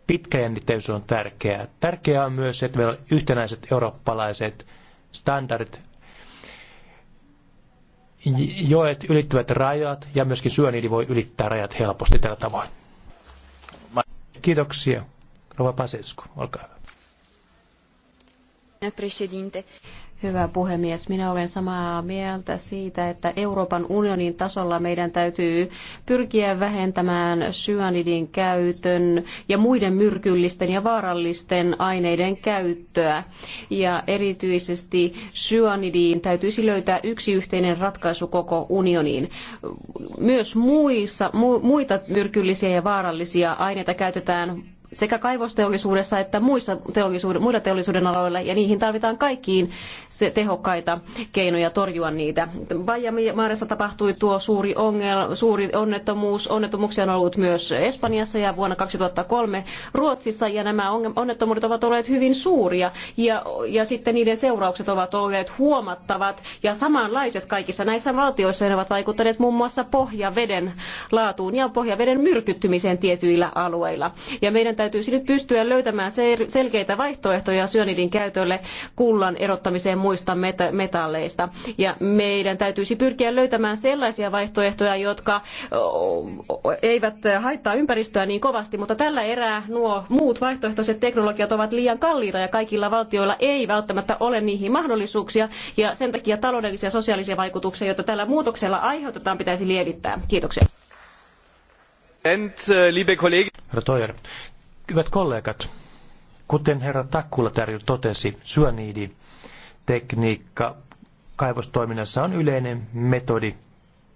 pitkäjännitteisyys on tärkeää. Tärkeää on myös se, että meillä on yhtenäiset eurooppalaiset standardit, joet ylittävät rajat ja myöskin syöniidi voi ylittää rajat helposti tällä tavoin. Kiitoksia. Rova Pasesku, olkaa hyvä. Hyvä puhemies, minä olen samaa mieltä siitä, että Euroopan unionin tasolla meidän täytyy pyrkiä vähentämään syanidin käytön ja muiden myrkyllisten ja vaarallisten aineiden käyttöä. Ja erityisesti syanidiin täytyisi löytää yksi yhteinen ratkaisu koko unioniin. Myös muissa, mu, muita myrkyllisiä ja vaarallisia aineita käytetään sekä kaivosteollisuudessa että muissa teollisuuden, muilla teollisuuden aloilla, ja niihin tarvitaan kaikkiin se tehokkaita keinoja torjua niitä. Bajamaaressa tapahtui tuo suuri, ongel suuri onnettomuus. Onnettomuuksia on ollut myös Espanjassa ja vuonna 2003 Ruotsissa, ja nämä onnettomuudet ovat olleet hyvin suuria, ja, ja sitten niiden seuraukset ovat olleet huomattavat ja samanlaiset kaikissa näissä valtioissa, ja ne ovat vaikuttaneet muun muassa pohjaveden laatuun ja pohjaveden myrkyttymiseen tietyillä alueilla. Ja meidän täytyisi nyt pystyä löytämään selkeitä vaihtoehtoja syönidin käytölle kullan erottamiseen muista metalleista. Ja meidän täytyisi pyrkiä löytämään sellaisia vaihtoehtoja, jotka eivät haittaa ympäristöä niin kovasti, mutta tällä erää nuo muut vaihtoehtoiset teknologiat ovat liian kalliita ja kaikilla valtioilla ei välttämättä ole niihin mahdollisuuksia ja sen takia taloudellisia ja sosiaalisia vaikutuksia, joita tällä muutoksella aiheutetaan, pitäisi lievittää. Kiitoksia. Uh, Herra Toijer, Hyvät kollegat, kuten herra Takkula tärjy totesi, syöniiditekniikka kaivostoiminnassa on yleinen metodi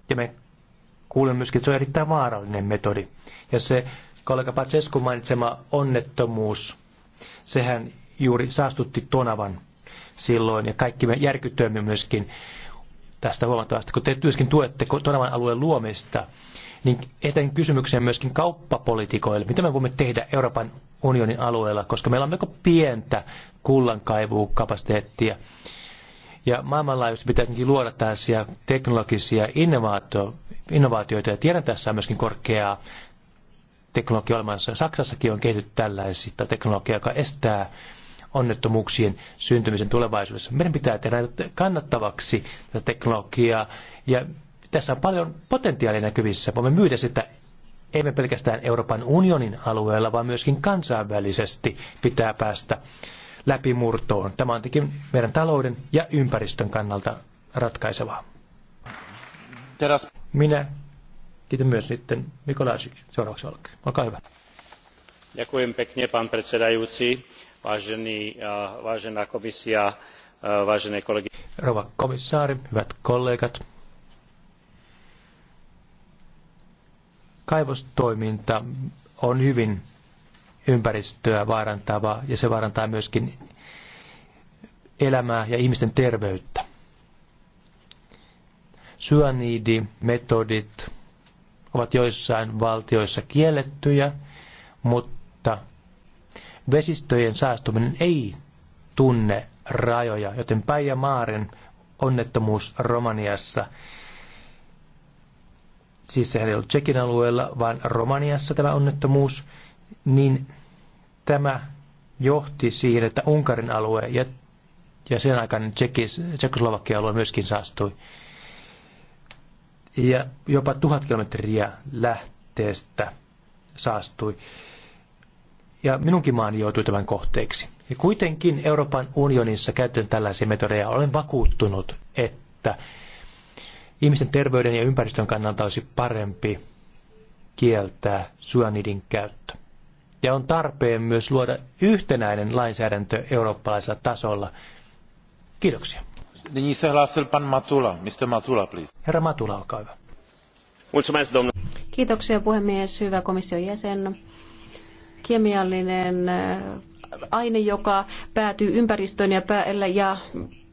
ja me kuulemme myöskin, että se on erittäin vaarallinen metodi. Ja se kollega Patsesku mainitsema onnettomuus, sehän juuri saastutti Tonavan silloin ja kaikki me järkytyimme myöskin tästä huomattavasti, kun te myöskin tuette Tonavan alueen luomista, niin etän kysymykseen myöskin kauppapolitiikoille. Mitä me voimme tehdä Euroopan unionin alueella, koska meillä on melko pientä kullankaivukapasiteettia. Ja maailmanlaajuisesti pitäisi luoda tällaisia teknologisia innovaatio, innovaatioita. Ja tiedän tässä on myöskin korkeaa teknologia olemassa. Saksassakin on kehitetty tällaisia teknologiaa, joka estää onnettomuuksien syntymisen tulevaisuudessa. Meidän pitää tehdä kannattavaksi tätä teknologiaa ja tässä on paljon potentiaalia näkyvissä. Voimme myydä sitä emme pelkästään Euroopan unionin alueella, vaan myöskin kansainvälisesti pitää päästä läpimurtoon. Tämä on tietenkin meidän talouden ja ympäristön kannalta ratkaisevaa. Teräs. Minä kiitän myös sitten Mikolasik. Seuraavaksi olkaa. Olkaa hyvä. Ďakujem pekne, pán predsedajúci vážená komisia, vážené kolegyne Rova komissaari, hyvät kollegat. Kaivostoiminta on hyvin ympäristöä vaarantavaa ja se vaarantaa myöskin elämää ja ihmisten terveyttä. Syanidimetodit ovat joissain valtioissa kiellettyjä, mutta vesistöjen saastuminen ei tunne rajoja, joten Päijä Maaren onnettomuus Romaniassa, siis sehän ei ollut Tsekin alueella, vaan Romaniassa tämä onnettomuus, niin tämä johti siihen, että Unkarin alue ja, ja sen aikainen Tsekis, Tsekoslovakian alue myöskin saastui. Ja jopa tuhat kilometriä lähteestä saastui ja minunkin maani joutui tämän kohteeksi. Ja kuitenkin Euroopan unionissa käytetään tällaisia metodeja. Olen vakuuttunut, että ihmisten terveyden ja ympäristön kannalta olisi parempi kieltää syanidin käyttö. Ja on tarpeen myös luoda yhtenäinen lainsäädäntö eurooppalaisella tasolla. Kiitoksia. Nyní se hlásil pan Matula. Mr. Matula, please. Herra Matula, olkaa hyvä. Kiitoksia puhemies, hyvä komission jäsen kemiallinen äh, aine, joka päätyy ympäristöön ja, pää- ja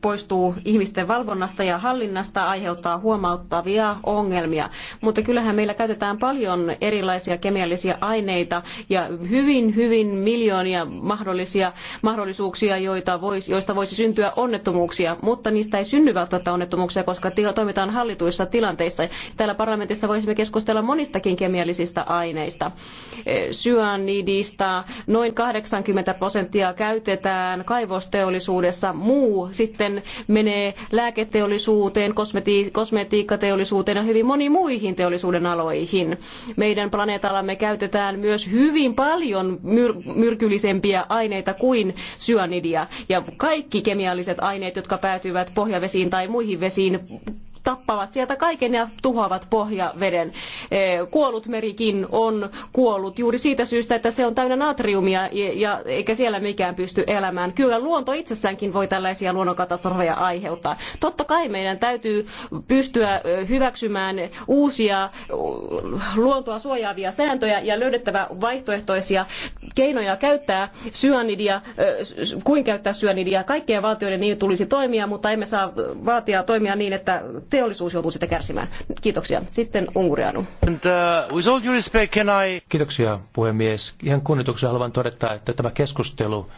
poistuu ihmisten valvonnasta ja hallinnasta, aiheuttaa huomauttavia ongelmia. Mutta kyllähän meillä käytetään paljon erilaisia kemiallisia aineita ja hyvin, hyvin miljoonia mahdollisia mahdollisuuksia, joita vois, joista voisi syntyä onnettomuuksia, mutta niistä ei synny välttämättä onnettomuuksia, koska tila, toimitaan hallituissa tilanteissa. Täällä parlamentissa voisimme keskustella monistakin kemiallisista aineista. Syanidista e, noin 80 prosenttia käytetään kaivosteollisuudessa, muu sitten sitten menee lääketeollisuuteen, kosmeti- kosmetiikkateollisuuteen ja hyvin moniin muihin teollisuuden aloihin. Meidän planeetallamme käytetään myös hyvin paljon myr- myrkyllisempiä aineita kuin syanidia. Ja kaikki kemialliset aineet, jotka päätyvät pohjavesiin tai muihin vesiin, tappavat sieltä kaiken ja tuhoavat pohjaveden. Eh, kuollut merikin on kuollut juuri siitä syystä, että se on täynnä natriumia ja eikä siellä mikään pysty elämään. Kyllä luonto itsessäänkin voi tällaisia luonnonkatastrofeja aiheuttaa. Totta kai meidän täytyy pystyä eh, hyväksymään uusia eh, luontoa suojaavia sääntöjä ja löydettävä vaihtoehtoisia keinoja käyttää syönidia, kuin käyttää syönidia. Kaikkien valtioiden niin tulisi toimia, mutta emme saa vaatia toimia niin, että teollisuus joutuu sitä kärsimään. Kiitoksia. Sitten Ungurianu. And, uh, with all due respect, can I... Kiitoksia puhemies. Ihan kunnioituksella haluan todeta, että tämä keskustelu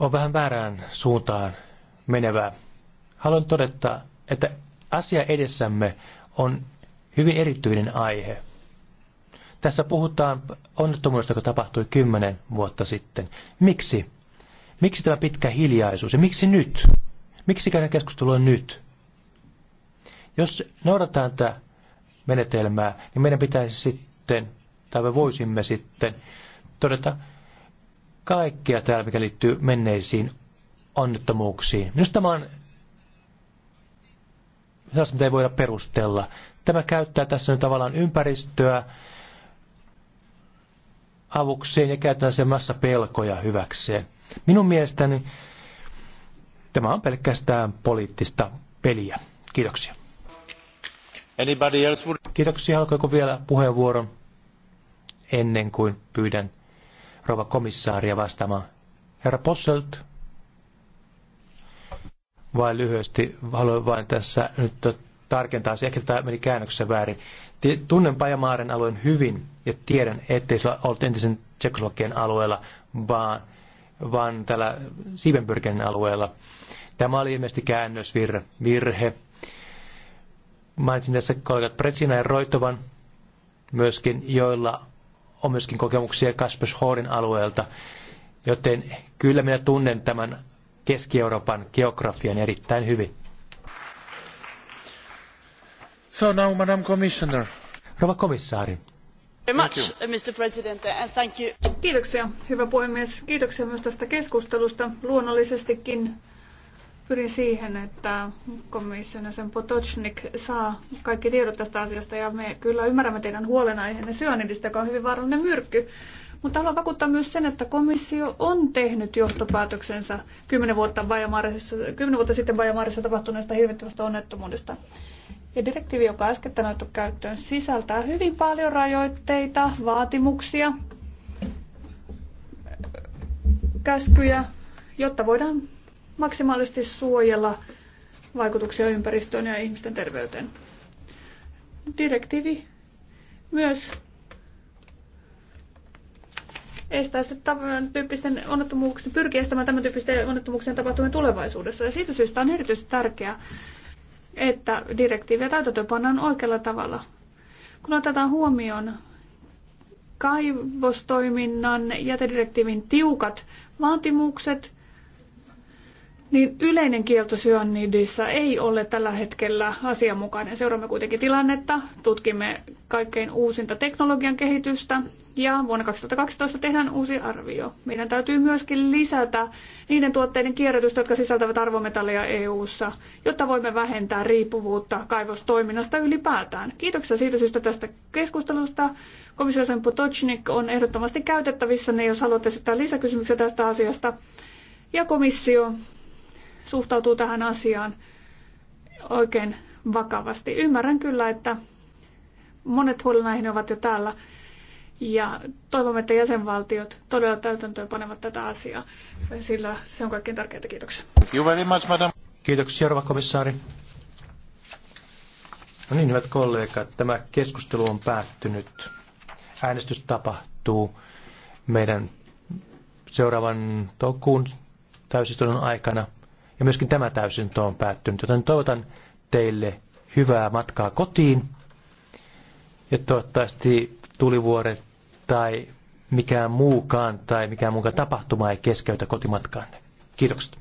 on vähän väärään suuntaan menevää. Haluan todeta, että asia edessämme on hyvin erityinen aihe. Tässä puhutaan onnettomuudesta, joka tapahtui kymmenen vuotta sitten. Miksi? Miksi tämä pitkä hiljaisuus ja miksi nyt? Miksi käydään keskustelua nyt? Jos noudataan tätä menetelmää, niin meidän pitäisi sitten, tai me voisimme sitten todeta kaikkea täällä, mikä liittyy menneisiin onnettomuuksiin. Minusta tämä on sellaista, mitä ei voida perustella. Tämä käyttää tässä nyt tavallaan ympäristöä avukseen ja käytetään sen massa pelkoja hyväkseen. Minun mielestäni tämä on pelkästään poliittista peliä. Kiitoksia. Anybody else would... Kiitoksia. Alkoiko vielä puheenvuoron ennen kuin pyydän rouva komissaaria vastaamaan? Herra Posselt, vain lyhyesti haluan vain tässä nyt tarkentaa se, ehkä tämä meni käännöksessä väärin. Tunnen Pajamaaren alueen hyvin ja tiedän, ettei se ollut entisen Tsekoslovakian alueella, vaan, vaan tällä Siivenpyrkän alueella. Tämä oli ilmeisesti käännösvirhe. Virhe Mainitsin tässä kollegat Pretsina ja Roitovan myöskin, joilla on myöskin kokemuksia Kaspershoorin alueelta, joten kyllä minä tunnen tämän Keski-Euroopan geografian erittäin hyvin. So now, Madam Commissioner. Rova komissaari. Kiitoksia, hyvä puhemies. Kiitoksia myös tästä keskustelusta. Luonnollisestikin Pyrin siihen, että komission sen Potocnik saa kaikki tiedot tästä asiasta ja me kyllä ymmärrämme teidän huolenaiheenne syönidistä, joka on hyvin vaarallinen myrkky. Mutta haluan vakuuttaa myös sen, että komissio on tehnyt johtopäätöksensä 10 vuotta, Bajamaarissa, 10 vuotta sitten Bajamaarissa tapahtuneesta hirvittävästä onnettomuudesta. Ja direktiivi, joka äsken otettu käyttöön, sisältää hyvin paljon rajoitteita, vaatimuksia, käskyjä, jotta voidaan maksimaalisesti suojella vaikutuksia ympäristöön ja ihmisten terveyteen. Direktiivi myös estää sitten tämän tyyppisten onnettomuuksien, pyrkii estämään tämän tyyppisten onnettomuuksien tapahtumien tulevaisuudessa. Ja siitä syystä on erityisesti tärkeää, että direktiiviä täytäntöönpannaan oikealla tavalla. Kun otetaan huomioon kaivostoiminnan jätedirektiivin tiukat vaatimukset, niin yleinen kielto syönnidissä ei ole tällä hetkellä asianmukainen. Seuraamme kuitenkin tilannetta, tutkimme kaikkein uusinta teknologian kehitystä ja vuonna 2012 tehdään uusi arvio. Meidän täytyy myöskin lisätä niiden tuotteiden kierrätystä, jotka sisältävät arvometalleja EU-ssa, jotta voimme vähentää riippuvuutta kaivostoiminnasta ylipäätään. Kiitoksia siitä syystä tästä keskustelusta. Komissiosen Potocnik on ehdottomasti käytettävissä, ne jos haluatte esittää lisäkysymyksiä tästä asiasta. Ja komissio suhtautuu tähän asiaan oikein vakavasti. Ymmärrän kyllä, että monet huolenaiheet ovat jo täällä ja toivomme, että jäsenvaltiot todella täytäntöön panevat tätä asiaa, sillä se on kaikkein tärkeintä. Kiitoksia. Kiitoksia, rouva komissaari. No niin, hyvät kollegat, tämä keskustelu on päättynyt. Äänestys tapahtuu meidän seuraavan toukokuun täysistunnon aikana. Ja myöskin tämä täysinto on päättynyt, joten toivotan teille hyvää matkaa kotiin. Ja toivottavasti tulivuoret tai mikään muukaan tai mikään muukaan tapahtuma ei keskeytä kotimatkaanne. Kiitokset.